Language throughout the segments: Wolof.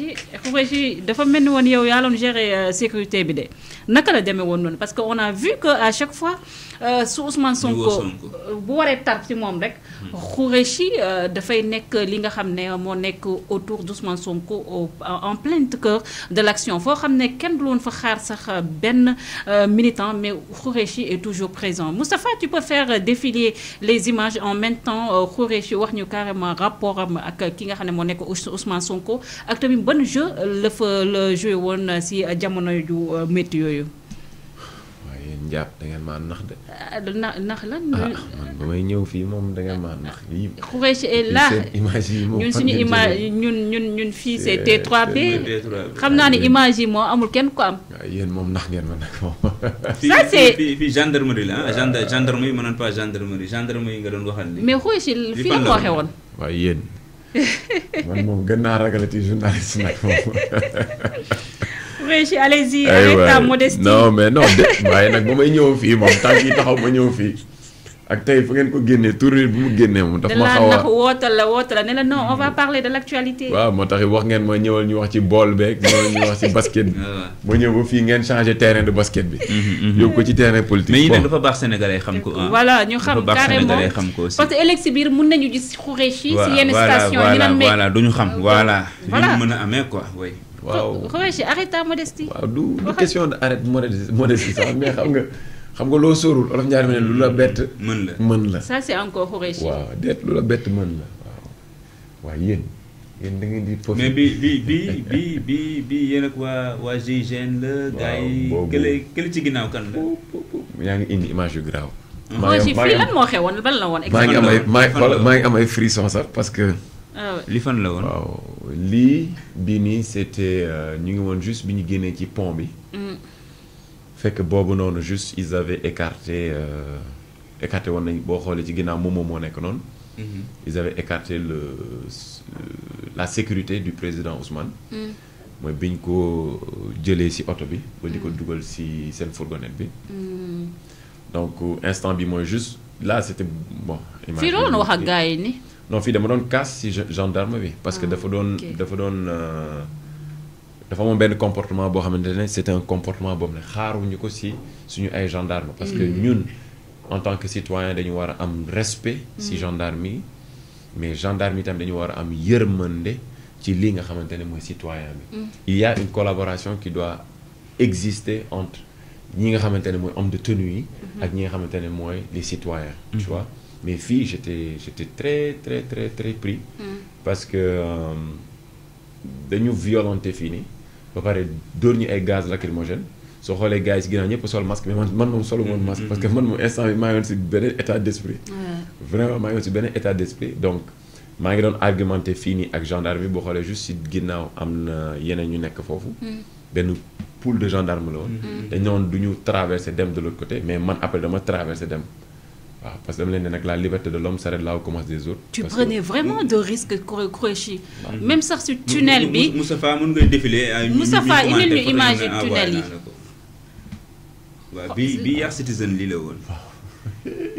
Khoureychi Khoureychi dafa mel ni woon yow yaa doon gérer euh, sécurité bi de naka la demee woon noonu parce que on a vu que à chaque fois euh, su Ousmane Sonko bu waree tar ci moom rek. Hmm. Khoureychi euh, dafay nekk li nga xam ne moo autour d'Ousmane Sonko en plein cœur de l'action. action foo xam ne kenn du fa xaar sax benn militant mais Khoureychi est toujours présent Moustapha tu peux faire défiler les images en même temps Khoureychi wax ñu carrément rapport am ak ki nga xam ne moo Ousmane Sonko ak tamit. ban jeu la la joué woon si jamono ju euh, métti yooyu. waaye yéen njàpp da ngeen maa nax de. Ah, na nax la ah man ba may ñëw fii moom da ngeen maa nax yii. Khoureychi est là ñun suñu image ñun ñun fii c' est bi 3 xam naa ni image yi moo amul kenn ko am. waaw yéen moom nax ngeen ma nag moom. ça c' fii fii la ah gendarme gendarme yi mënoon pas gendarmerie gendarme yi nga doon waxal. mais Khoureychi fii la woon. waaye yéen. man moom gën naa ragalati journaliste nag moom. Régis allez-y avec ta modestie. mais non de waaye nag ba may ñëw fii moom tànk yi taxaw ma ñëw fii. ak tay fa ngeen ko génnee tournée bi mu génnee moom. daf ma xaw a da wootal la wootal la ne la non on va parler de l' actualité. waaw moo tax wax ngeen ma ñëwal ñu wax ci bool beeg ñëwal ñu wax ci basket bi. Ah, ma ñëw ba fii ngeen changé terrain de basket bi. Mhm, mhm. yóbbu ko ci terrain politique. mais yi nag dafa baax sénégalais xam ko ah. voilà ñu xam carrément parce que ëllëg si biir mun nañu gis xuree si. yenn station ñu naan mais voilà duñu xam voilà. Euh, voilà ñu mën a amee quoi oui. waaw xuree si arrête ta modestie. waaw du question de arrête modestie sax mais xam nga xam nga loo sóorul olof ñaari ma ne lu la bett. mën la mën la. ça c'est encore Khoureychi. waaw déet lu la bett mën la waaw. waaw yéen yéen da ngeen di. profité mais bi bi bi bi bi bi yéen ak waa waa GIGN la. gars yi kële kële ci ginnaaw kan la. yaa ngi indi image yu garaaw. Uh-huh. maa ngi am lan moo xewoon ban la woon. maa ngi am ay maa ngi am ay frisson sax parce que. Ah li fan la woon waaw lii bii nii c'était euh, ñu ngi woon juste bi ñu génnee ci pont bi. Mm fait que bobu non juste ils avaient écarté euh, écarté woon bo xolé ci ginnaaw momo moo nekk mm-hmm. ils avaient écarté le la sécurité du président Ousmane. moy mm. biñ ko jëlé ci auto bi. bo di ko mm. ci seen fourgonnette bi. Mm. donc instant bi moy juste là c'était bon. image fii doon wax ak gars non fii dama casse ci gendarme bi. parce que ah, dafa doon dafa doon. Euh, dafa amoon benn comportement boo xamante ne c'est un comportement boobu ne xaaruñu ko si suñu ay gendarme parce que mm. ñun en tant que citoyen dañu war a am respect si mm. gendarme yi mais gendarmerie yi tam dañu war a am yërmande ci li nga xamante ne mooy citoyen bi mm. il y a une collaboration qui doit exister entre ñi nga xamante ne mooy homme de tenue yi mm-hmm. ak ñi nga xamante ne mooy les citoyens tu vois mais fii j'étais j'étais très très très très pris parce que euh, dañu violenté fii nii ba pare dóor ñu ay gaz lacrymogène soo xoolee gars yi si ginnaaw ñëpp sol masque mais man man moom solo woon masque mm-hmm. parce que man moom instant bi maa yoon si beneen état d' esprit vraiment maa ngi si beneen état d' esprit donc maa ngi doon argumenté fii nii ak gendarme bi boo xoolee juste si ginnaaw am na yeneen ñu nekk foofu mm. benn pool de gendarme la woon mm. dañ ne woon du ñu traversé dem de l' autre côté mais man après dama traversé dem ah, parce que la liberté de l'homme s'arrête là où commence des autres. tu prenais vraiment de risques Kourouchi. même ça, ce tunnel bi Moustapha mën nga défiler. ay Moustapha indil tunnel Il y bi bi Yar Citizen lii la woon.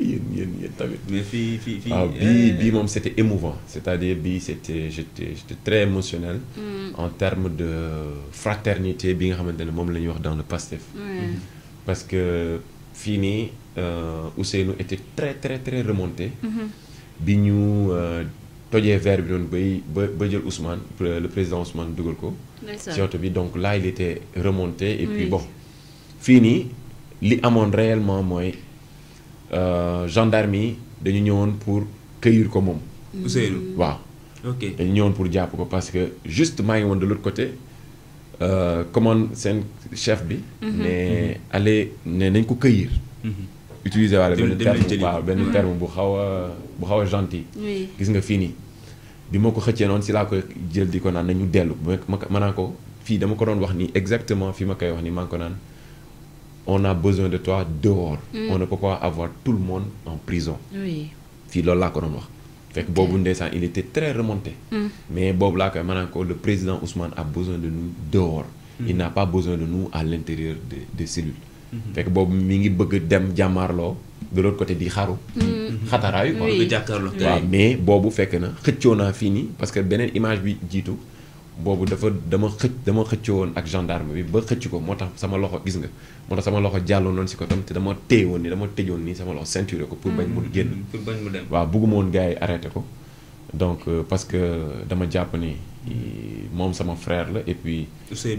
yéen yéen mais fii c'était émouvant c'est-à-dire que j'étais très émotionnel. en termes de fraternité bi nga wax dans le Pastef. parce que fini, euh, Ousseynou était très très très remonté. Mhm. bi ñu Verbe, euh, verre bi bay ba ba Ousmane le président Ousmane Dougolko, donc là il était remonté. et puis bon fini. li amoon réellement moi, euh, gendarme de l'union pour cueillir ko moom. Mm. Ousseynou waaw. ok dañu pour jàpp ko parce que juste de l'autre côté. commande un chef bi. Mhm. mais mhm. allez ne nañ ko cueillir utiliser wala le terme waaw benn terme bu mm. xawa a bu gentil. gis nga fini nii bi ma ko xëccee noonu si la ko jël diko nan naan nañu déllu ma fi dama ko don wax ni exactement fi ma kay wax ni manko nan on a besoin de toi dehors. Mm. on ne peut pas avoir tout le monde en prison. fi loolu la ko don wax. fekk bobu ndessan il était très remonté. Mm. mais bobu l'a kay maanaam le président Ousmane a besoin de nous dehors. il n'a pas besoin de nous à l'intérieur des cellules. fekk boobu mi ngi bëgg dem jàmmaarloo de l'autre côté di xaru mm-hmm. xataraayu quoi waaw mais boobu fekk na xëccoo naa fii nii parce que beneen image bi jiitu boobu dafa dama xëcc dama xëccoo woon ak gendarme bi ba xëcc ko moo tax sama loxo gis nga moo tax sama loxo jàlloon noonu si ko tam te dama téye woon ni dama tëjoon nii sama loxo ceinture ko pour bañ mu mm-hmm. génn mu dem waaw bugguma woon gars yi arrêté ko donc euh, parce que dama jàpp ni moom sama frère là et puis. ou c'est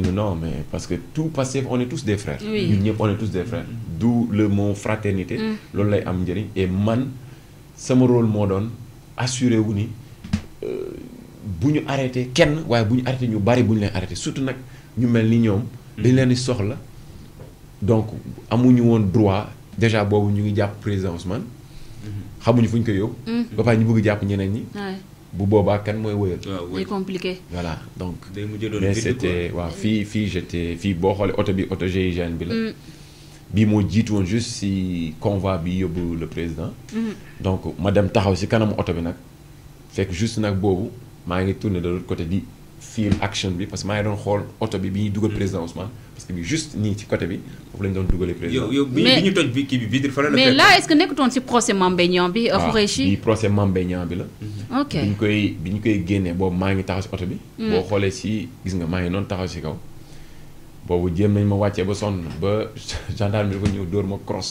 nous non mais parce que tout passé on est tous des frères. oui on est tous des frères. Mm. d'où le mot fraternité. Mm. loolu lay am et man sama rôle moo doon assurer wu ni euh, bu ñu arrêté kenn waaye bu ñu arrêté ñu bari bu arrêté surtout nak ñu mel ni dañ leen soxla donc amuñu on droit déjà boobu ñu ngi jàpp président Ousmane. Mm-hmm. xamuñu fuñ ko koy mm. papa ñu bëgg jàpp ñeneen ñi bu boobaa kan mooy wëyal. c'est compliqué. voilà donc mais c'était waaw fii fii j'étais fii boo xoolee oto bi oto GIGN bi la. Mm. bii moo jiitu juste si convoi bi yóbbu le président. Mm-hmm. donc ma dem taxaw si kanamu oto bi nag fekk juste nag boobu maa ngi tourné de l'autre côté di film action bi parce que maa ngi doon xool oto bi bi ñuy dugal président Ousmane parce que bi juste nii ci côté bi foofu la ñu doon dugalee président. yow yow bi ñu toj bi kii bi vitre fa la mais là est ce que nekkutoon si procès Mame Mbaye Niang bi. Khoureychi euh, ah, bi procès Mame Niang bi la. Mm-hmm. ok bi ñu koy bi ñu koy génnee boobu maa ngi taxaw si oto bi. Mm. boo xoolee si gis nga maa ngi noonu taxaw si kaw. boobu jéem nañ ma wàccee ba sonn ba gendarme bi ko ñëw dóor ma cross.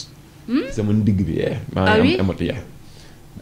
Hmm? sama ndigg bi eh. maa ngi ah am émotier.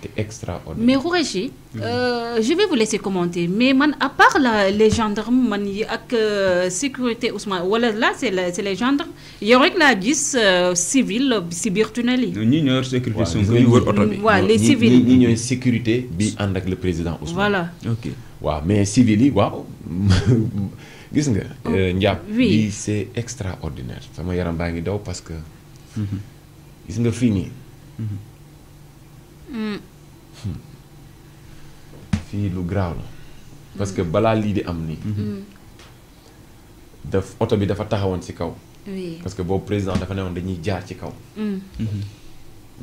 C'était extraordinaire. Mais Rouréji, mmh. euh, je vais vous laisser commenter. Mais man, à part la, les gendarmes, man, avec euh, sécurité Ousmane, voilà, là, c'est les gendarmes. Il y aurait que la 10 euh, civile, Sibirtunali. Euh, nous, sécurité, sont les civils. Nous, nous, sécurité, bi avec le président Ousmane. Voilà. Ok. Ouais, mais civili, waouh. Gis nga, euh, oh, Ndiap, oui. c'est extraordinaire. Ça m'a yaram bangi daw parce que. Mm-hmm. Gis nga fini. -hmm. Hmm. fii lu graaw la parce que balaa lii di am nii. Hmm. Hmm. daf oto bi dafa taxawoon ci kaw. parce que boobu président dafa ne woon dañuy jaar ci kaw. Mhm.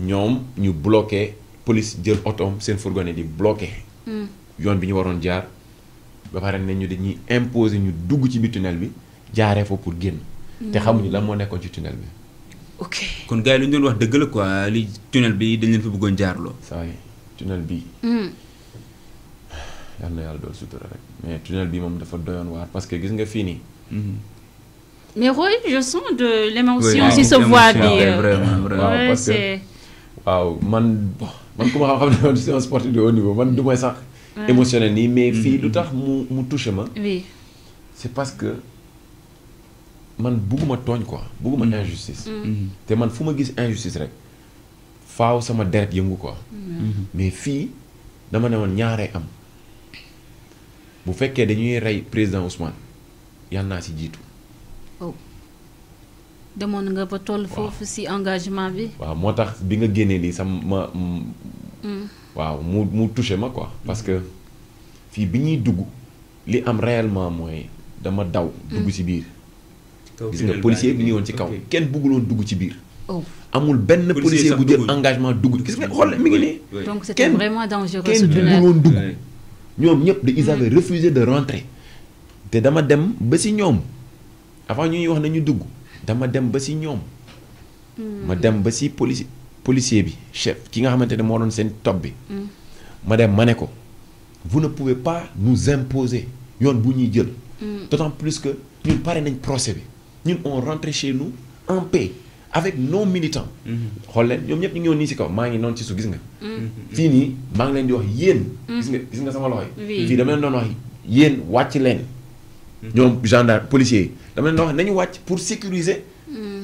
ñoom ñu bloqué police jël otoom seen fourgonne di bloqué. yoon bi ñu waroon jaar ba pare ñu dañuy imposer ñu dugg ci biir tunnel bi jaaree fa pour génn. te xamuñu lan moo nekkoon ci tunnel bi. ok kon gars yi lu ñu doon wax dëgg la quoi li tunnel bi dañ leen fi bëggoon jaarloo. saa yi tunnel bi hmm. yal na yàlla dool sutura rek mais tunnel bii moom dafa doyoon waar parce que gis nga fii nii. Hmm. mais Roy je sens de l'émotion si sa voix bi vraiment vraiment parce que waaw man man ku ma xam xam ne c'est un sportif de haut niveau man du may sax émotionnel nii mais hmm. fii lu tax mu mu touché ma. oui c'est parce que man bugguma tooñ quoi bugguma mm. injustice. Mm. Mm. te man fu ma gis injustice rek faaw sama deret yëngu quoi. Mm-hmm. Mm-hmm. mais fii dama ne woon ñaaree am bu fekkee dañuy rey président Ousmane yàlla naa si jiitu. Oh. demoon nga ba toll foofu si engagement bi. waaw moo tax bi nga génnee lii sama ma. waaw mu mu touché ma quoi parce que fii bi ñuy dugg li am réellement mooy dama daw. dugg si biir gis nga policier bi ñu ci kaw dugg ci biir oh. amul benn policier engagement dugg mi ngi donc c'était vraiment dangereux ils mm. avaient refusé de rentrer te dama dem ba avant ñuy wax nañu dugg dama dem ba si mm. policier chef ki nga doon vous ne pouvez pas nous imposer yoon mm. d'autant plus que ñun pare nañ procès ñun on rentrait chez nous en paix avec nos militants. xool leen ñoom ñëpp ñu ngi ni ci kaw ma ngi non ci su gis nga. Mm-hmm. fini ma ngi leen di wax yeen mm-hmm. gis nga gis nga sama loxo yi. fii dama leen doon wax yeen wacc leen. Mm-hmm. ñom gendarme policier yi dama leen wax nañu wacc pour sécuriser.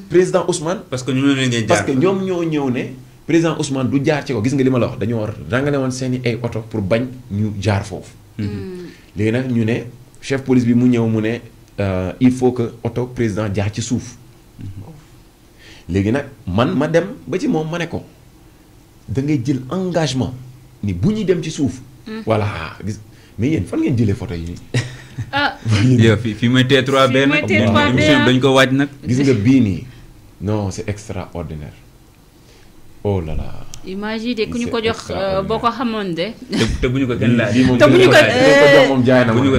président Ousmane. parce que ñoom ñoo parce que ñom ñoo ñëw ne. président Ousmane du jaar ci ko gis nga lima la wax dañoo rangale won seen ay auto pour bañ ñu jaar foofu. léegi nag ñu ne chef police bi mu ñëw mu ne. Euh, il faut que auto président jaar ci souf man ma dem ba ci mom engagement ni dem ci hmm. voilà mais je fan ngeen de photo yi. ah Il 3 ah. ko non c'est extraordinaire oh là là image yi de ñu ko jox euh, boo ko de. te bu ko kenn laaj. te bu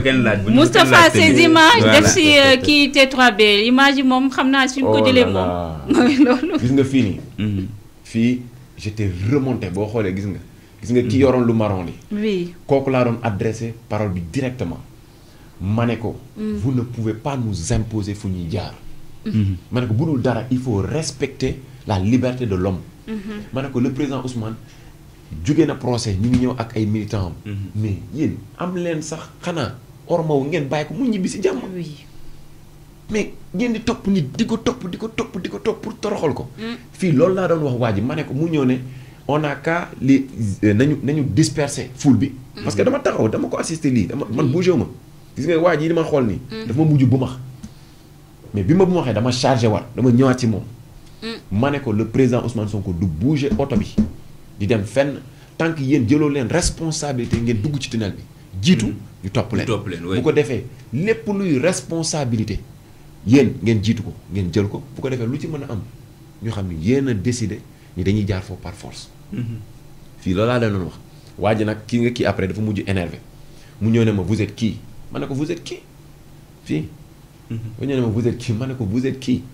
ko Moustapha ces images def si euh, kii T3B image moom suñ ko oh gis nga mhm. j'étais remonté boo xoolee gis nga. gis nga ki mhm. yoroon lu marron li. oui kooku laa parole bi directement. ma mhm. vous ne pouvez pas nous imposer fu jaar. ma ne dara il faut respecter la liberté de l'homme Mhm. le président Ousmane na procès ñu ngi ñëw ak ay militants mhm. mais yéen am leen sax xanaa ormaw ngeen bàyyi ko mu mais ngeen di topp nit pour toroxal ko. Mm. doon wax mu ñëw on a li euh, nañu nañu disperser mm. parce que dama taxaw dama ko assister lii dama man mm. bougé ma. gis nga waa ji ma mais bi bu ma dama chargé mané ko le président Ousmane Sonko du bouger auto bi di dem fenn tant que yéen jëloo leen responsabilité ngeen dugg ci tunnel bi. jiitu mm-hmm. ñu topp leen bu ko défé lépp luy responsabilité yeen ngeen jiitu ko ngeen jël ko bu ko défé lu ci mëna am ñu xamni ni a décidé ni dañuy jaar fo par force. Mm-hmm. fi lola leen doon wax. waji nak ki nga ki après dafa mujj énervé mu ñëw né ma vous êtes qui? mané ko vous êtes qui? fii. Mm-hmm. mu ñëw né ma vous êtes qui? mané ko vous êtes qui?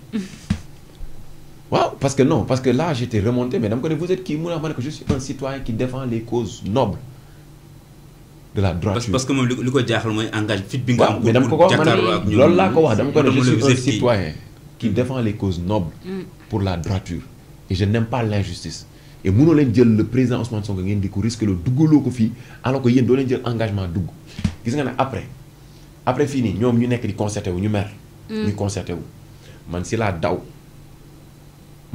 parce que non parce que là j'étais remonté mais vous êtes qui? moi je suis un citoyen qui défend les causes nobles de la droiture parce que moi engage je suis un citoyen qui mm. défend les causes nobles mm. pour la droiture et je n'aime pas l'injustice et mënoo leen jël le président Ousmane Sonko ngeen di ko alors que yéen doo un jël engagement Qu'est-ce après après fini, nous sommes est nous concerté wu ñu mer nous mm. concerté wu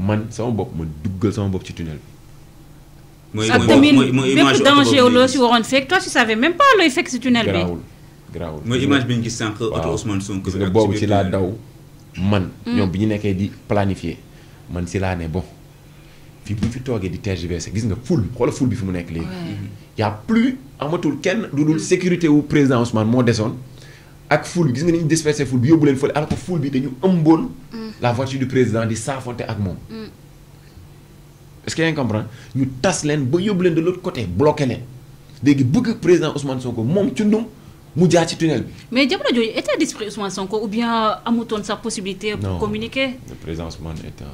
man sama bopp man duggal sama bopp ci tunnel bi. mooy ah, mooy danger si toi tu savais même pas looy fekk si tunnel bi. image bi ñu gis sànq. Ousmane Sonko man. Mm. ñoom bi ñu di planifier man si ne bon fii bu fi toogee di gis nga foule xoola foule bi fi mu y' a plus amatul kenn du dul sécurité wu président Ousmane moo ak foule bi gis nga ni ñu dispersé foule bi yóbbu leen fële alors que foule bi dañu ëmboon. Mm. la voiture du président di saafonte ak mom mm. est-ce que yaa comprend ñu tass leen ba yóbbu de l'autre côté bloqué leen léegi bëgg président Ousmane Sonko mom ci ndum mu jaar ci tunnel bi. mais jamono était état d'esprit Ousmane Sonko ou bien amutoon sa possibilité. de communiquer le président Ousmane est un.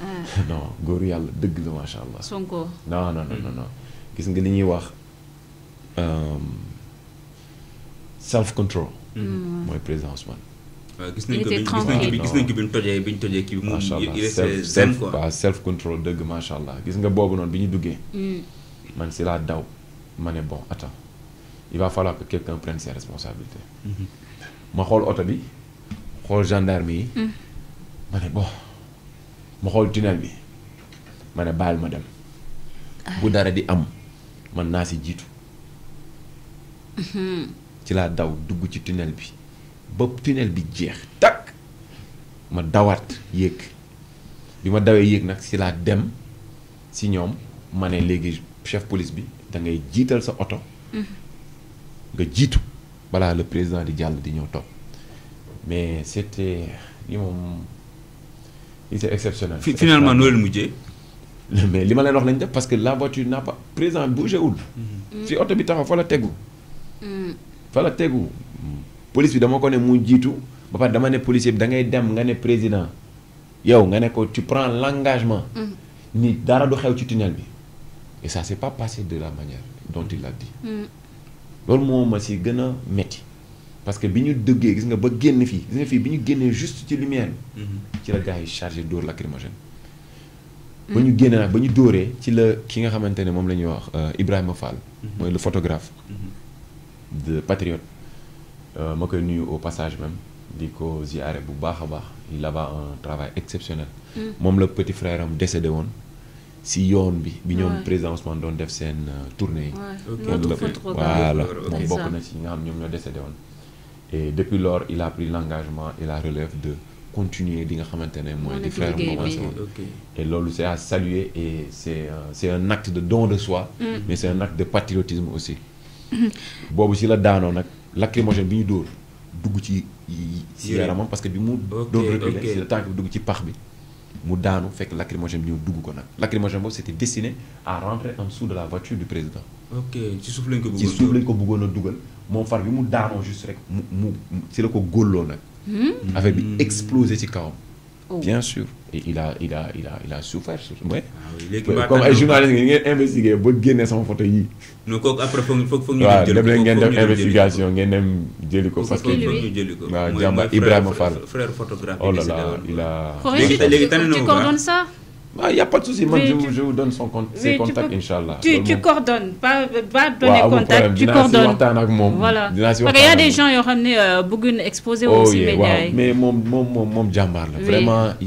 Ah. non góor yàlla dëgg la macha allah. Sonko non non non non gis nga li ñuy wax euh, self control. Mm-hmm. mooy président self control dëgg macha allah gis nga boobu noonu bi mm. man daw bon il va falloir que quelqu'un prenne ses responsabilités. Mm-hmm. ma xool oto bi xool gendarme Je mm. bon ma xool tunnel bi ma ne ma dem. Ah. bu dara di am man naa mm-hmm ci la daw dugg ci tunnel bi ba tunnel bi jeex tak ma dawat yek bi ma dawee yéeg nag si laa dem si ñom ma légui chef police bi da ngay jital sa oto mm-hmm. nga jitu bala le président di jall di ñëw top mais c'était yi mom li c'est exceptionnel finalement noo leen mais li ma leen wax lañ def parce que la voiture n'a pas bougé bougéwul mm-hmm. fi auto bi taxaw fa la tegu mm-hmm la tegu police bi dama ko ne ba ne bi président tu prends l'engagement mm-hmm. ni dara du xew et ça s'est pas passé de la manière dont il l'a dit mm-hmm. loolu mo ma si parce que si on gis nga ba génn juste ci lumière mm-hmm. ci la gars chargé d'or lacrymogène ba ñu ba ci la ki nga euh, Ibrahima Fall le photographe de patriote euh, ma koy nuyu au passage même di ko ziare bu a il a un travail exceptionnel mm. Mon le petit frère am décédé si on bi bi ñoom président Ousmane doon def euh, tournée voilà bokk na ci décédé et depuis lors il a pris l'engagement et la relève de continuer à nga xamante mooy di et loolu c'est à saluer et c'est euh, c'est un acte de don de soi mm. mais c'est un acte de patriotisme aussi bobu ci la lacrymogène bi ñu door dugg ci si parce que bi mu doon si dugg ci bi mu lacrymogène ñu ko c'était destiné à rentrer en dessous de la voiture du président ok ci suuf ko a far bi mu juste rek ko hmm? hmm. explosé ci kawam Oh. Bien sûr. Et il a, il a, il a, il a souffert. Ah ouais. comme un journaliste, il a investigué, il a gagné son photo. après, il faut que nous fassions Il investigation. Parce que Ibrahim Fall. Frère photographe. Oh là là, il a. tu ça il bah, n'y a pas de souci, je, vous donne son compte, ses contacts, Inch'Allah. Tu, coordonnes, pas, donner contact, tu coordonnes. Voilà. Parce y a des gens qui ont ramené euh, Bougoun exposé oh, aussi. Mais mon, mon, vraiment, il,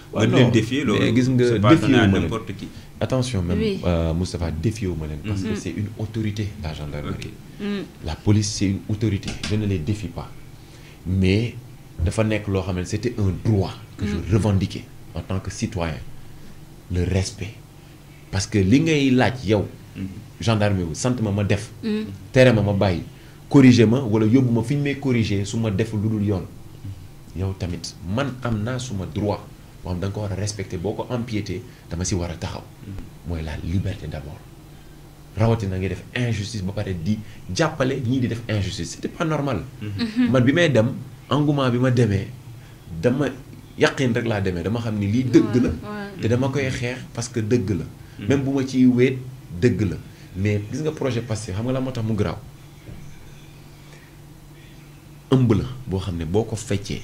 attention même euh, parce que mm-hmm. c'est une autorité la gendarmerie. Mm. la police c'est une autorité je ne les défie pas mais c'était un droit. que je mm. revendiquais en tant que citoyen le respect parce que li ngay yow. Mm-hmm. gendarmerie def. Mm. Terrain ma corrigez moi wala ma corriger droit boo da nga ko war a respecté boo ko empiété dama si war a taxaw mm-hmm. mooy la liberté d'abord na ngay def injustice ba pare di jàppale ñii di def injustice c'était pas normal mm-hmm. man bi may dem engouement bi ma demee dama yàqin rek laa demee dama xam ni lii dëgg la te dama koy xeex parce que dëgg la mm-hmm. même bu ma ciy weet dëgg la mais gis nga projet passé xam nga la moo tax mu garaaw ëmb la boo xam ne boo ko feccee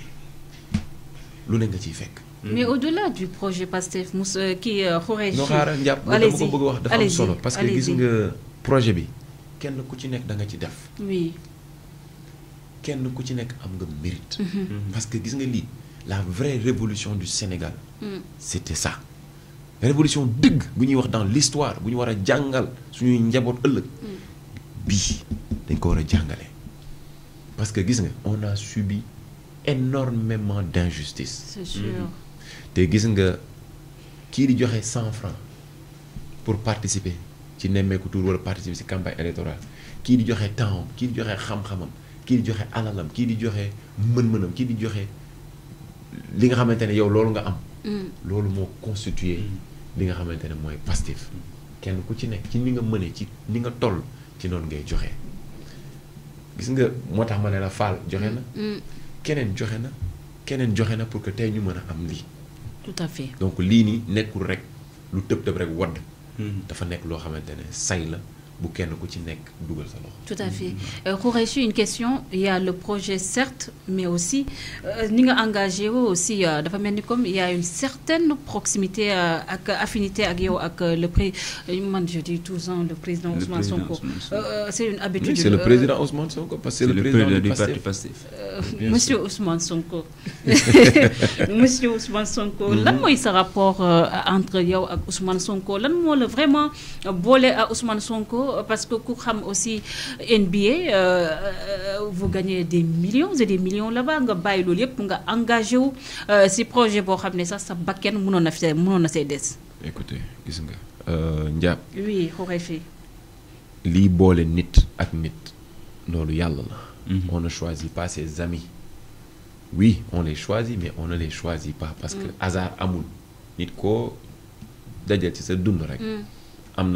lu ne nga ciy fekk mais au-delà du projet Pasteur Moussa qui Khoureychi. non xaaral njàpp dama ko bëgg wax dafa am solo. parce que gis nga projet bi kenn ku ci nekk da nga ci def. oui. kenn ku ci nekk am nga mérite. parce que gis nga lii la vraie révolution du Sénégal. c'était ça. révolution dëgg bu ñuy wax dans l'histoire bu ñu war a jàngal suñuy njaboot ëllëg. bii dañ ko war a parce que gis nga on a subi énormément d'injustice. c'est sûr te gis nga 100 francs pour participer ci nemmeeku tour wala participer ci campagne électorale qui di joxe temps qui di joxe xam-xamam kii di joxe alalam kii di joxe mën-mënam kii di joxe li nga xamante yow loolu nga am. Mm. constitué li nga xamante ne mooy ku ci ci ni nga mënee ci ni nga toll pour que ñu tout à fait donc lii nii nekkul rek lu tëb tëb rek wadd hmm. dafa nekk loo xamante ne say la tout à fait. Pour euh, une question, il y a le projet certes, mais aussi, euh, nous avons engagé aussi, euh, comme il y a une certaine proximité, euh, affinité avec, euh, le président, je dis toujours le président Ousmane Sonko. c'est une habitude. c'est le président Ousmane Sonko, parce que c'est le, président du parti passif. Monsieur Ousmane Sonko. Mhm. Monsieur Ousmane Sonko, il y est ce rapport entre et Ousmane Sonko Là, vraiment, bolé à Ousmane Sonko parce que vous xam aussi NBA euh, euh, vous gagnez des millions et des millions là-bas nga bàyyi loolu yëpp nga engagé wu ces euh, projets boo ça. Ça sax sa on a fait, nous on a fait des. écoutez gis nga. oui correct. fii. lii nit ak nit loolu yalla. Mhm. on ne choisit pas ses amis. oui on les choisit mais on ne les choisit pas. parce que mm. hasard amul. nit d'ailleurs, c'est ci sa dund rek. Mm.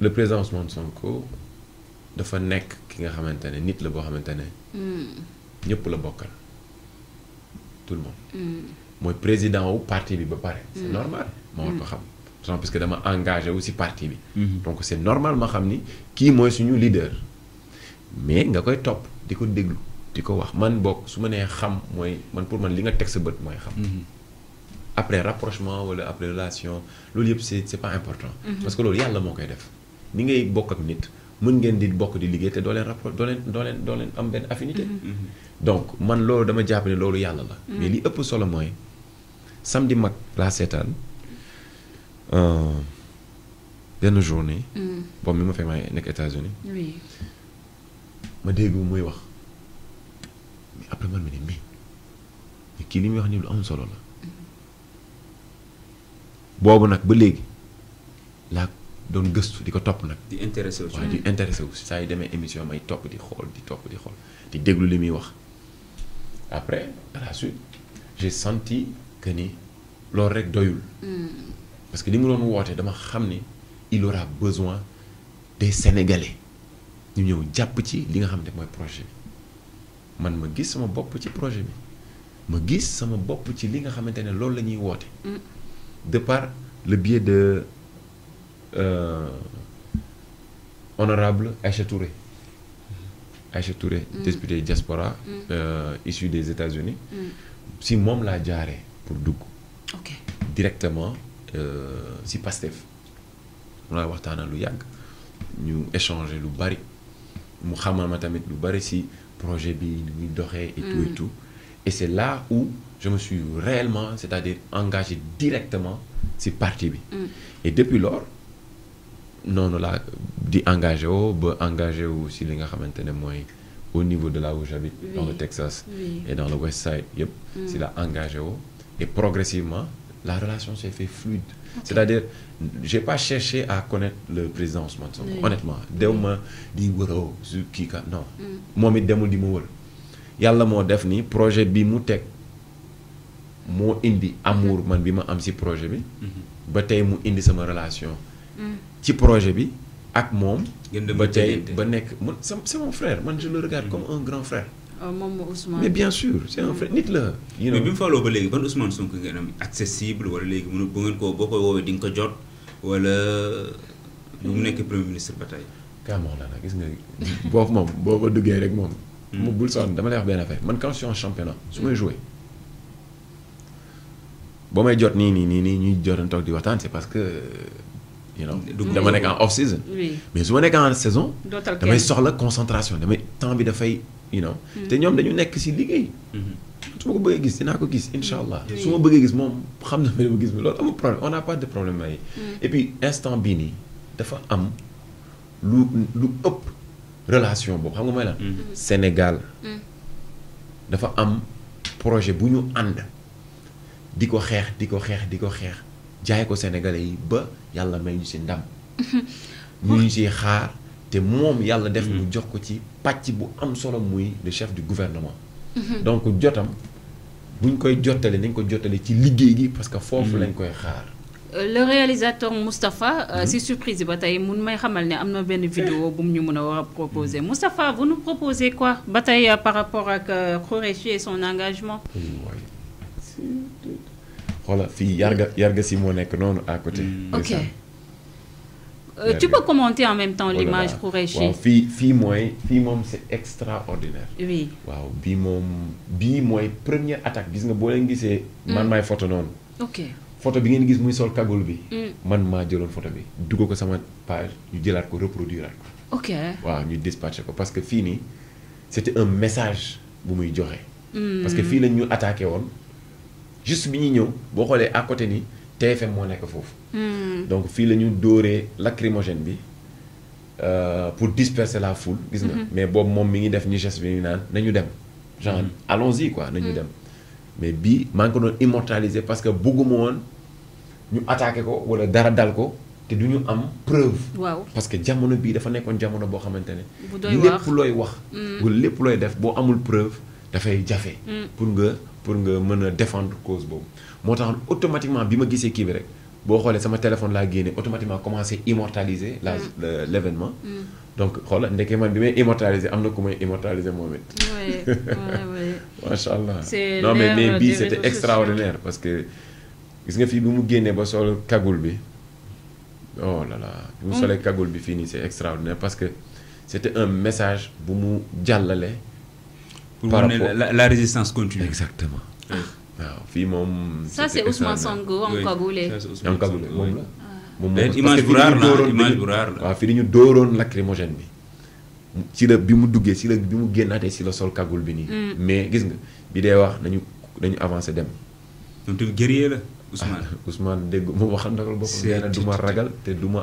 le président Ousmane Sonko fa nek ki nga xamante nit la bo xamante hmm ñepp la bokkal tout le monde. moy hmm. président wu parti bi ba paré c'est est hmm. normal mo war ko hmm. xam. sans parce que dama engagé aussi parti bi. donc c'est normal ma xamni ni moy suñu leader. mais nga koy top diko déglu diko wax man bok, suma né xam moy man pour man li nga teg sa bët xam. après rapprochement wala après relation loolu yëpp c' est c' est pas important. parce que loolu yàlla moo koy def. ni ngay bokk ak nit mën ngeen di bokk di liggéey te doo leen rapport doo leen doo leen am benn affinité. Mm-hmm. Mm-hmm. donc man loolu dama jàpp ne loolu yàlla la. Mm-hmm. mais li ëpp solo mooy samedi mag laa seetaan euh, benn journée. boobu mi wax mais après li muy wax nii solo la. boobu nag ba léegi laa doon gëstu di ko topp nag. di intéressé wu di intéressé wu saa yu demee émission may topp di xool di topp di xool di déglu li muy wax après à la suite j'ai senti que ni loolu rek doyul. Hmm. parce que li mu doon woote dama xam ni il aura besoin des sénégalais ñu ñëw jàpp ci li nga xam ne mooy projet bi man ma gis sama bopp ci projet bi ma gis sama bopp ci li nga xamante ne loolu la ñuy woote. Hmm. de par le biais de. Euh, honorable Aïcha Touré. Aïcha Touré, mm. député diaspora, mm. euh, issu des États-Unis. Mm. Si mom la jaré pour Doug, directement, euh, si Pastef, on a waxtaan lu yàgg ñu échanger lu bari mu ma tamit lu bari si projet bi ni doré et tout et mm. tout et c'est là où je me suis réellement c'est-à-dire engagé directement c'est parti bi. Mm. et depuis lors. Non, l'a di engagé woo ba engagé ou si li nga au niveau de là où j'habite dans le Texas et dans le West Side yëpp a mm. la engagé et progressivement la relation s'est fait fluide c'est-à-dire j'ai pas cherché à connaître le président Ousmane ce oui. honnêtement dès ma di qui su kii ka non moi mais dès di il y a le def ni projet bi mu indi amour man bima am si projet bi mm-hmm. ba tay mu indi sama relation mm projet bi ak c'est mon frère je le regarde mm. comme un grand frère. Euh, mais bien sûr c'est un frère la. mais bi mu faloo ba léegi ban Ousmane accessible wala léegi ngeen ko jot premier ministre ba la nga boobu moom rek dama quand je suis en championnat su may joué. jot ni c'est parce que you know mm. dama nek en off season. mais su nek en saison. damay soxla concentration dama temps bi da fay you know. Mm. te ñom dañu nekk si liggéey. Mm-hmm. su ma ko bëggee gis dinaa ko gis incha allah. su ma bëggee gis moom xam na ma dama gis loolu amul problème on n'a pas de problème ay. Mm. et puis instant bii nii dafa am lu lu ëpp relation boobu xam nga mooy lan. Mm-hmm. Sénégal. dafa am projet bu ñu ànd di ko xeex di ko xeex di ko xeex jaay ko Sénégalais yi ba yàlla may ñu si ndam. ñu ngi siy xaar te moom yàlla def mu jox ko ci pàcc bu am solo muy le chef du gouvernement. donc jotam buñ koy jotale nañ ko jotale ci liggéey gi parce que foofu mm-hmm. lañ koy xaar. Euh, le réalisateur Moustapha, c'est euh, mm-hmm. surprise, Bataille, je vais une vidéo pour nous proposé. Moustapha, vous nous proposez quoi, Bataille, euh, par rapport à Khoreshi et son engagement oh, voilà fi yarga mm. yarga si moo nekk non à côté. Mm. ok euh, tu peux commenter en même temps l'image pour waaw fii fii mooy c'est extraordinaire. oui waaw bi moom bi mooy première attaque gis nga bo leen gisee. Mm. man may photo non. ok photo bi ngeen gis muy sol kagul bi. man ma jëlone photo bi Dugo ko sama page ñu jëlat ko reproduire ko. ok waaw ñu dispatcher ko parce que fini, c'était un message bu muy joxé. parce que fi lañ ñu attaquer won juste bi ñuy ñëw boo xoolee à côté ni TFM mo nekk fofu hmm. donc fi lañu doré dóoree lacrymogène bi euh, pour disperser la foule. gis nga mm-hmm. mais bob mom mi ngi def ni geste bi ni nan nañu dem. genre mm-hmm. allons-y quoi nañu mm-hmm. dem. mais bi maa ngi ko don immortaliser parce que bëgguma won ñu attaquer ko wala dara dal ko te duñu am preuve. parce que jamono bi dafa nekkoon jamono boo xamante ne. lépp looy wax. Mm. walla lépp looy def boo amul preuve dafay jafe. Mm. pour nga pour nga mën a défendre cause boobu moo tax automatiquement bi ma gisee kii bi rek boo xoolee sama téléphone laa génne automatiquement commencé immortaliser la mm. l' événement mm. donc xoola ndeke man bi may immortaliser am na ku may immortaliser moom it macha non mais mais bii c' extraordinaire parce que gis nga fii bi mu génnee ba sol kagul bi oh là là bi mu mm. solee kagul bi fii nii extraordinaire parce que c'était un message bu mu jàllale la, résistance continue. Exactement. ça c'est Ousmane Sango en kagoulé en la. Ah. image image lacrymogène bi. ci la sol bi mm. mais gis nga bi dee wax nañu nañu dem. guerrier Ousmane. Ah, Ousmane dégg mu waxandakal boppam.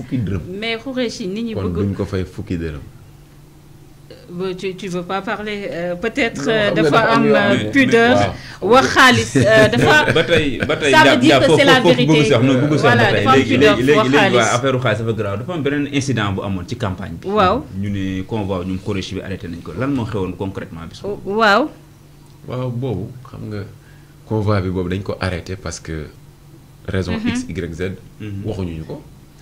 fukki dërëm. mais Khoureychi nit ñi bëgg kon ko fay fukki dërëm. tu tu veux pas parler euh, peut-être euh, dafa am euh, pudeur wax xaalis euh, dafa. ba tey ba tey jàpp jàpp foofu foofu bëgg sax noonu bëgg sax ba tey léegi léegi léegi waa affaire xaalis dafa garaaw dafa am benen incident bu amone ci campagne bi. waaw ñu ne convoi ñum Khoureychi bi arrêté nañ ko lan mo xewoon concrètement bi. waaw. waaw bobu xam nga convoi bi bobu dañ ko arrêté parce que raison mhm. x y z. Mhm. waxuñu ñu ko.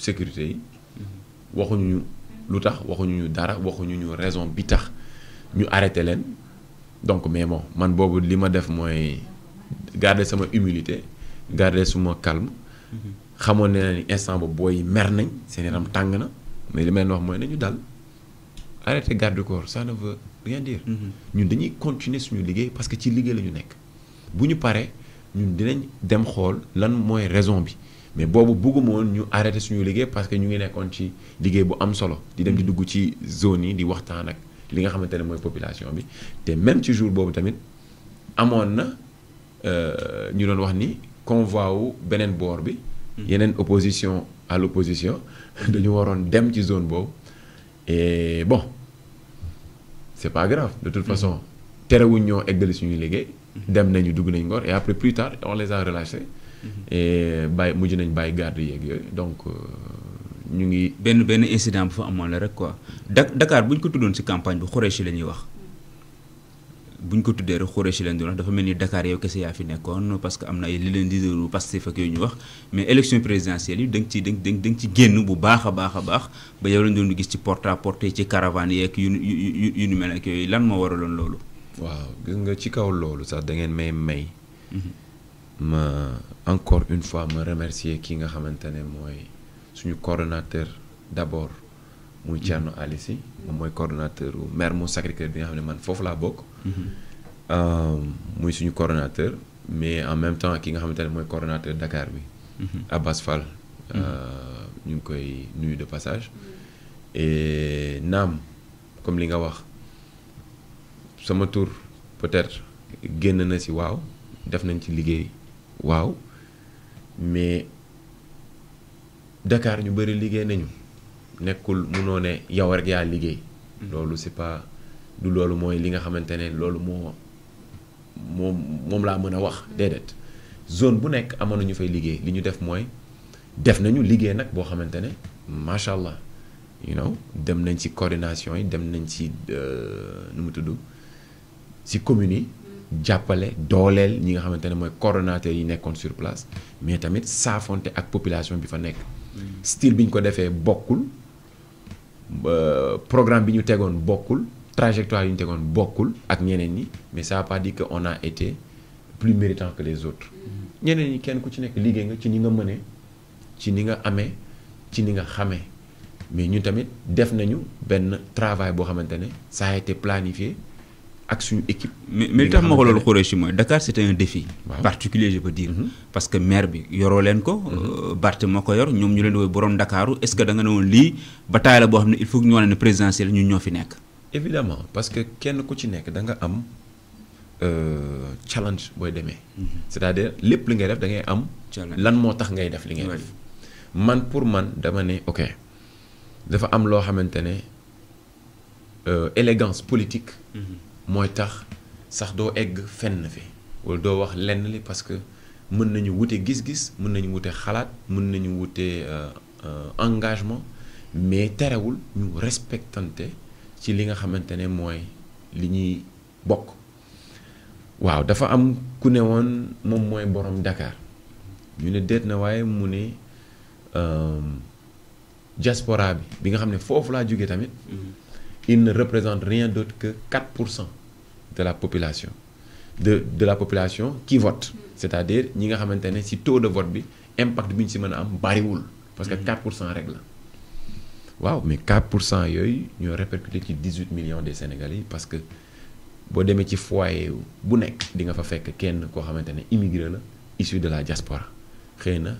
sécurité yi waxuñu ñu lu tax waxuñu ñu dara waxuñu ñu raison bi tax ñu arrêté leen donc mais bon man boobu li ma def mooy garder sama humilité garder suma calme xamoon ne na ni instant boobu booy mer nañ seen yaram tàng na mais li ma leen wax mooy nañu dal arrêté garde corps ça ne veut rien dire ñun dañuy continuer suñu liggéey parce que ci liggéey la ñu nekk bu ñu paree ñun dinañ dem xool lan mooy raison bi mais bobu bëgguma woon ñu arrêté suñu liggéey parce que ñu ngi nekkoon ci liggéey bu am solo di dem di dugg ci zone yi di waxtaan ak li nga xamante ne mooy population bi te même ci jour boobu tamit amoon na euh, ñu doon wax ni convoi wu beneen boor bi hmm. yeneen opposition à l'opposition dañu waroon dem ci zone boobu et bon c'est pas grave de toute hmm. façon terewuñ ñoo eggali suñu liggéey hmm. dem nañu dugg nañ Ngor et après plus tard on les a relâchés Mm-hmm. et bàyyi mujj nañ bàyyi garde yeeg yooyu donc euh, ñu ngi. benn benn incident bu fa amoon la rek quoi dakaar bu ñu ko tuddoon ci campagne bu Khoureychi la ñuy wax bu ñu ko tuddee rek Khoureychi la ñuy wax dafa mel ni dakaar yow kese yaa fi nekkoon parce que am na ay li leen leaderu Pastef ak yooyu ñu wax mais élection présidentielle yi da nga ciy da nga da nga ci génn bu baax a baax a baax ba yow lañ doon gis ci porte à porte ci caravane yeeg yu yu yu nu mel ak yooyu lan moo waraloon loolu. waaw gis nga ci kaw loolu sax da ngeen may may. Mm-hmm. ma encore une fois me remercier qui nga xamantene moy suñu coordonnateur d'abord abord muy Thierno Aliou coordinateur ou coordonnateur maire Sacré-Cœur bi nga xamné man fofu la bok mm-hmm. euh muy suñu coordonnateur mais en même temps ki nga xamantene moy coordinateur coordonnateur Dakar bi mm-hmm. Abbas Fall mm-hmm. euh, ñu ngi koy nuyu de passage et Nam comme li nga wax sama tour peut-être génn na si waaw def nañ ci liggéey waaw mais Dakar ñu bëri liggéey nañu nekkul munoo ne yow rek yaa liggéey. Hmm. loolu c'est pas du loolu mooy li nga xamante ne loolu moo moom laa mën a wax hmm. déedéet zone bu nekk amoon na ñu fay liggéey li ñu def mooy def nañu liggéey nag boo xamante ne macha allah you know dem nañ ci coordination yi dem nañ ci euh, nu mu tudd ci communes yi. jàppale dooleel ñi nga xamante moy mooy yi nekkoon sur place mais tamit saafonte ak population bi fa nekk. Mm. style biñ ñu ko bokul bokkul programme bi ñu tegoon bokkul trajectoire yi ñu tegoon bokkul ak ñeneen ñi mais ça a pas dire que on a été plus méritant que les autres. Mm. ñeneen ñi kenn ku ci nekk liggéey nga ci ni nga mënee ci ni nga amé ci ni nga xamé mais ñun tamit def nañu ben travail bo ça a été planifié ak équipe. mais mais li tax ma xoolal Khoureychi moy Dakar c'était un défi. particulier je peux dire. Mm-hmm. parce que maire bi yoro len ko. Mm-hmm. Euh, barté mako yor ñom ñu len di borom Dakaru est-ce que da nga non li bataille la boo il faut ñu wane présidentiel présidentielle ñun ñoo fi évidemment parce que kenn ku ci nek da nga am euh, challenge boy démé mm-hmm. c'est-à-dire lepp li ngay def da ngay am. lan mo tax ngay def li ngay def. man pour man dama né ok dafa am lo xamante euh élégance politique mooy tax sax doo egg fenn fi wax li parce que mën nañu wute gis-gis nañu xalaat nañu euh, euh, engagement mais ñu respectante ci li nga bokk waaw am ku ne Dakar ñu na euh, diaspora bi bi nga ne mm-hmm. il ne représente rien d'autre que 4 de la population de de la population qui vote c'est-à-dire ñi nga maintenant si taux de vote bi impact de parce que 4 règle waouh mais 4 yoy, nous répercuté 18 millions de Sénégalais parce que bon des ci foyer ou nekk di nga fa fekk kenn immigré la issu de la diaspora xëy na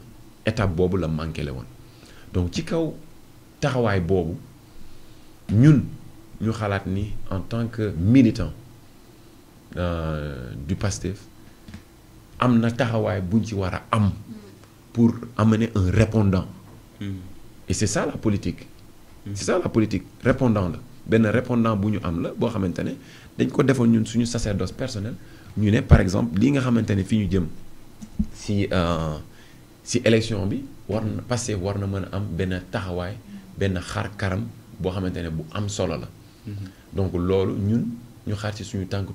étape la manqué le donc ci kaw taxawaay nous nous ñu en tant que militants euh, du PASTEF am na taxawaay ci wara am pour amener un répondant hmm. et c'est ça la politique hmm. C'est ça la politique répondant la répondant buñu am la bo xamantene dañ ko defoon ñun suñu sacerdoce personnel ñu né par exemple li nga xamantene fi ñu jëm si euh, si élection bi war na passé war na am ben taxaway ben xar karam boo xamante bu am solo la hmm. donc loolu ñun ñu xaar ci suñu tànk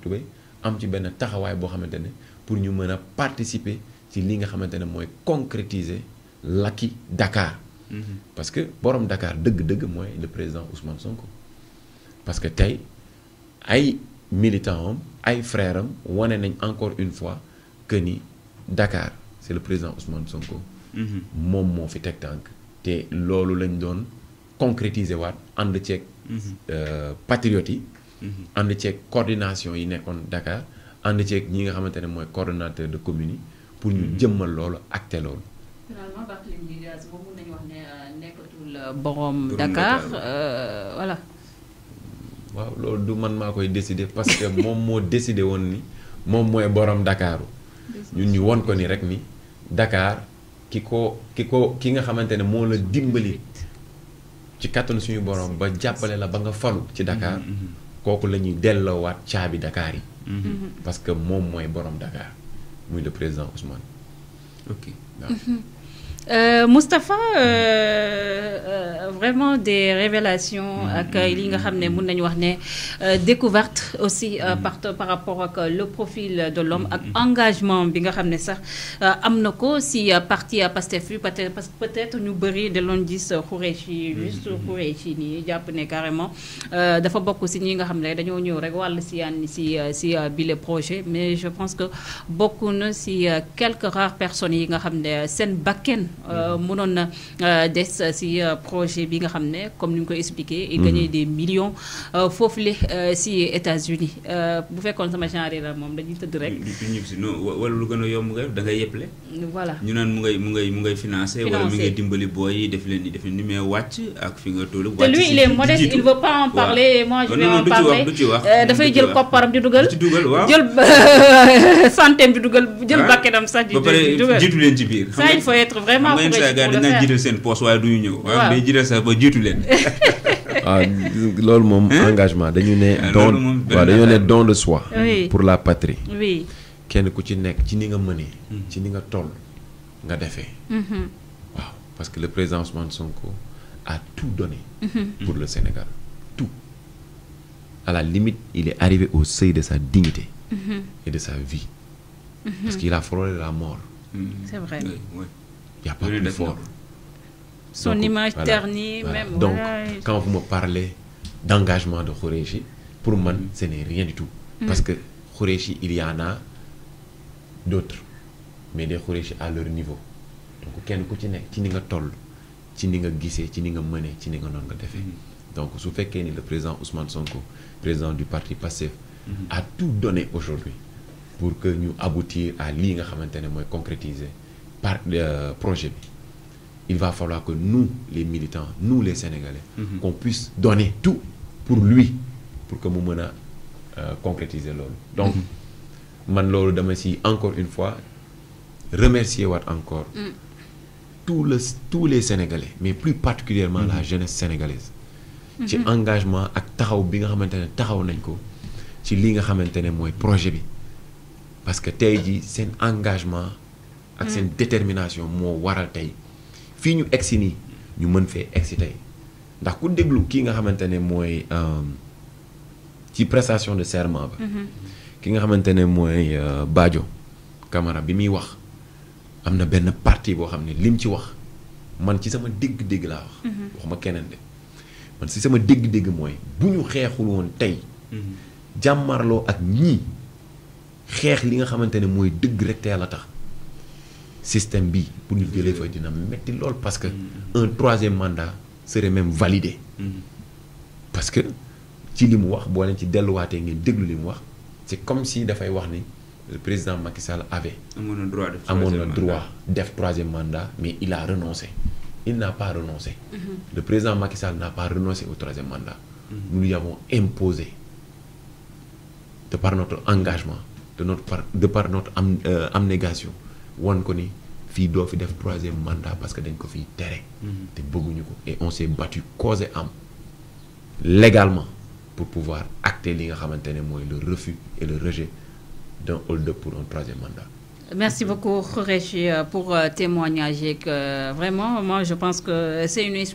am ci benn taxawaay boo xamante ne pour ñu mën a participer ci li nga xamante ne mooy concrétiser laki Dakar. Mhm. parce que borom Dakar dëgg-dëgg mooy le président Ousmane Sonko. parce que tey ay militants ay frères am wane nañ encore une fois que ni Dakar c'est le président Ousmane Sonko. Mhm. moom moo fi teg tànk. te loolu lañ doon concrétiser waat ànd ceeg. Mhm. Euh, patriotes yi. Mm-hmm. ànd ceeg coordination yi nekkoon Dakar ànd ceeg ñi nga xamante ne mooy coordonnateur de commune yi pour ñu mm-hmm. jëmmal loolu acté loolu. finalement Barthélémy Dias boobu nañu waaw loolu du man maa koy décider parce que moom moo décidé woon ni moom mooy boroom Dakaaru ñun ñu won ko ni rek ni dakaar ki ko ki ko ki nga xamante ne moo la dimbali ci kàttanu suñu borom ba jàppale la ba nga falu ci dakaar mm-hmm, kooku la ñuy delloowaat caabi Dakar yi. Mhm. parce que moom mooy borom Dakar muy le président Ousmane. ok euh, Moustapha euh, euh, vraiment des révélations ak li nga xam ne mun wax découverte aussi euh, par par rapport ak le profil de l'homme ak engagement bi nga xam sax euh, am ko si euh, parti Pastef peut-être peut-être ñu bëri de l'ondis gis Khoureychi juste Khoureychi ni jàpp carrément dafa bokk si ñi nga xam ne dañoo rek wàll si yaan si si bile projet mais je pense que beaucoup, na si quelques rares personnes yi nga xam backen. Euh, mënoon na euh, des euh, si projet bi nga comme nous mu expliqué. et mhm. gagner des millions foofu le si États-Unis bu fekkoon sama genre la moom dañuy voilà mais lui il est modeste il veut pas en parler. moi je vais en parler ça il faut être vraiment vraiment. you ah, hein? de soi. pour la patrie. oui ni ni parce que le président Ousmane Sonko a tout donné. Mm-hmm. Hmm. pour le Sénégal tout. à la limite il est arrivé au seuil de sa dignité. Mm-hmm. et de sa vie. Mm-hmm. parce qu'il a frôlé la mort. Hmm. c'est vrai. Il n'y a pas plus fort. Son image ternie, même. Donc, quand vous me parlez d'engagement de Khureshi, pour moi, mm. ce n'est rien du tout. Mm. Parce que Khureshi, il y en a d'autres. Mais des Khureshi à leur niveau. Donc, quelqu'un qui est là, qui qui donc, ce fait que le président Ousmane Sonko, président du parti passif, mm-hmm. a tout donné aujourd'hui pour que nous aboutir à ce que nous concrétiser par euh, projet il va falloir que nous les militants nous les sénégalais. Mhm. qu'on puisse donner tout pour lui pour que moumena euh, concrétiser donc mhm. man de dama encore une fois remercier encore. Mm. tous les tous les sénégalais mais plus particulièrement mm. la jeunesse sénégalaise. un mm-hmm. engagement ak taxaw bi nga Nenko, taxaw projet parce que Taïdi, c'est un engagement ak seen mm. détermination moo waral tey fii ñu egsi nii ñu mën fee egsi tey ndax ku déglu kii nga xamante ne mooy euh, ci prestation de serment ba mm-hmm. ki nga xamante ne mooy euh, Badio Camara bi muy wax am na benn parti boo xam ne lim ci wax man ci sama dégg-dégg laa wax mm-hmm. waxuma keneen de man si sama dégg-dégg mooy bu ñu xeexul woon tey mm-hmm. jàmmarloo ak ñii xeex li nga xamante ne mooy dëgg rek teel a tax système B pour nous dire mais dina l'ol parce que un troisième mandat serait même validé parce que ci wax ci c'est comme si wax le président Macky Sall avait à droit de droit def troisième mandat mais il a renoncé il n'a pas renoncé mm-hmm. le président Macky Sall n'a pas renoncé au troisième mandat mm-hmm. nous lui avons imposé de par notre engagement de notre par de par notre am euh, abnégation won ko ni fi do fi def 3e mandat parce que dañ ko fi téré mhm. té bëgguñu ko et on s'est battu cause am, légalement pour pouvoir acter li nga xamante moy le refus et le rejet d'un hold-up pour un troisième mandat. Merci beaucoup, Khoreshi, euh, pour euh, témoigner que euh, vraiment, moi, je pense que c'est une